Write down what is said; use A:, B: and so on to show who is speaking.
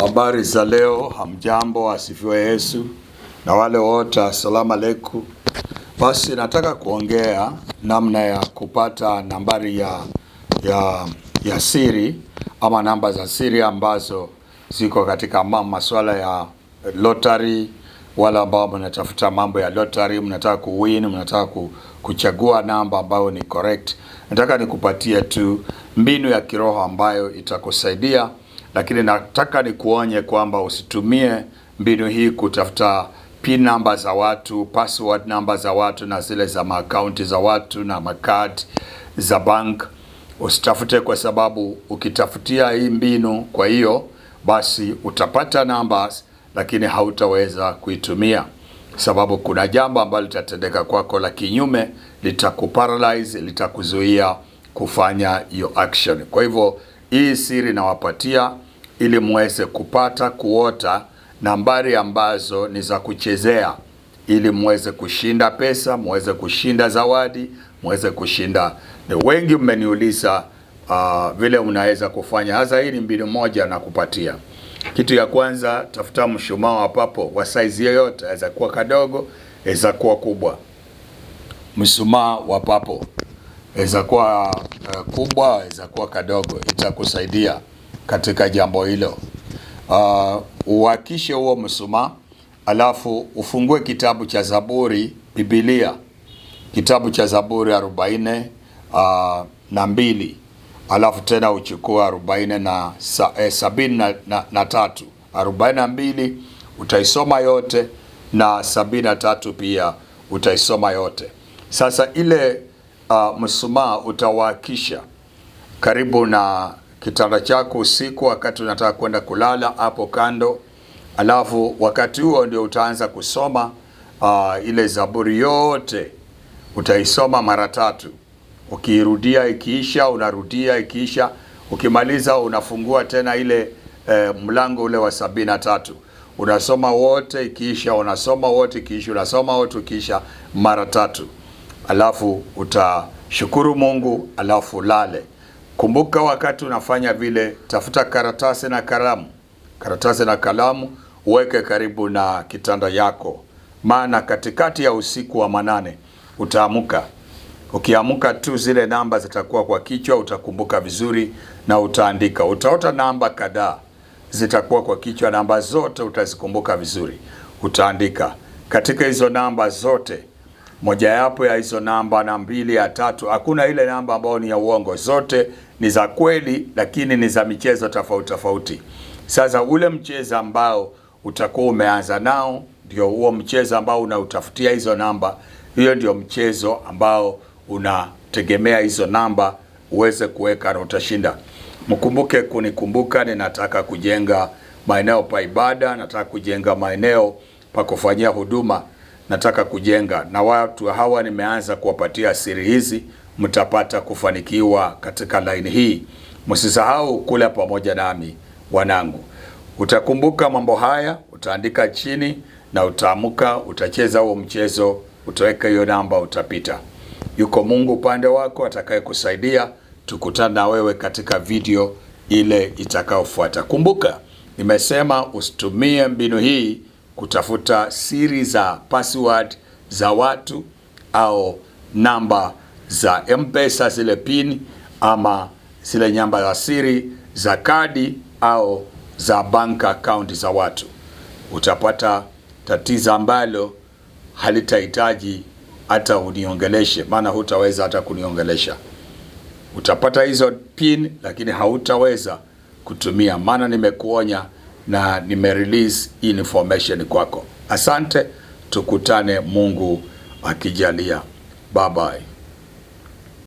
A: Habari za leo, hamjambo, asifiwe Yesu na wale wote, assalamu alaikum. Basi nataka kuongea namna ya kupata nambari ya, ya, ya siri ama namba za siri ambazo ziko katika masuala ya lottery. Wale ambao mnatafuta mambo ya lottery, mnataka kuwin, mnataka kuchagua namba ambayo ni correct, nataka nikupatie tu mbinu ya kiroho ambayo itakusaidia lakini nataka nikuonye kwamba usitumie mbinu hii kutafuta pin namba za watu, password namba za watu na zile za maakaunti za watu na makad za bank usitafute, kwa sababu ukitafutia hii mbinu, kwa hiyo basi utapata namba lakini hautaweza kuitumia, sababu kuna jambo ambalo litatendeka kwako la kinyume, litakuparalyze, litakuzuia kufanya hiyo action. Kwa hivyo hii siri nawapatia ili muweze kupata kuota nambari ambazo ni za kuchezea, ili muweze kushinda pesa, muweze kushinda zawadi, muweze kushinda. Ni wengi mmeniuliza uh, vile unaweza kufanya hasa. Hii ni mbinu moja na kupatia. Kitu ya kwanza, tafuta mshumaa wa papo wa size yoyote, aweza kuwa kadogo, aweza kuwa kubwa, mshumaa wa papo. Inaweza kuwa uh, kubwa, inaweza kuwa kadogo, itakusaidia katika jambo hilo. Uh, ah, uwakishe huo msuma, alafu ufungue kitabu cha Zaburi, Biblia, kitabu cha Zaburi arobaini uh, na mbili alafu tena uchukua arobaini na eh, sabini na, na, na tatu arobaini na mbili utaisoma yote na sabini na tatu pia utaisoma yote. Sasa ile uh, ah, mshumaa utawakisha karibu na kitanda chako usiku, wakati unataka kwenda kulala hapo kando, alafu wakati huo ndio utaanza kusoma uh, ile Zaburi yote utaisoma mara tatu, ukiirudia ikiisha, unarudia ikiisha, ukimaliza unafungua tena ile eh, mlango ule wa sabini na tatu unasoma wote ikiisha, unasoma wote ikiisha, unasoma wote ikiisha mara tatu alafu utashukuru Mungu, alafu lale Kumbuka wakati unafanya vile, tafuta karatasi na kalamu, karatasi na kalamu uweke karibu na kitanda yako, maana katikati ya usiku wa manane utaamka. Ukiamka tu zile namba zitakuwa kwa kichwa, utakumbuka vizuri na utaandika. Utaota namba kadhaa zitakuwa kwa kichwa, namba zote utazikumbuka vizuri, utaandika katika hizo namba zote mojawapo ya hizo namba na mbili ya tatu, hakuna ile namba ambayo ni ya uongo, zote ni za kweli, lakini ni za michezo tofauti tofauti. Sasa ule mchezo ambao utakuwa umeanza nao ndio huo mchezo ambao unautafutia hizo namba, hiyo ndio mchezo ambao unategemea hizo namba uweze kuweka na utashinda. Mkumbuke kunikumbuka, ninataka kujenga maeneo pa ibada, nataka kujenga maeneo pa kufanyia huduma nataka kujenga, na watu hawa nimeanza kuwapatia siri hizi, mtapata kufanikiwa katika laini hii. Msisahau kula pamoja nami wanangu. Utakumbuka mambo haya, utaandika chini na utaamka, utacheza huo mchezo, utaweka hiyo namba, utapita. Yuko Mungu upande wako atakayekusaidia. Tukutana na wewe katika video ile itakayofuata. Kumbuka nimesema usitumie mbinu hii kutafuta siri za password za watu au namba za M-Pesa zile pin ama zile namba za siri za kadi au za bank account za watu, utapata tatizo ambalo halitahitaji hata uniongeleshe, maana hutaweza hata kuniongelesha. Utapata hizo pin, lakini hautaweza kutumia, maana nimekuonya na nimerelease information kwako. Asante, tukutane Mungu akijalia. Bye bye.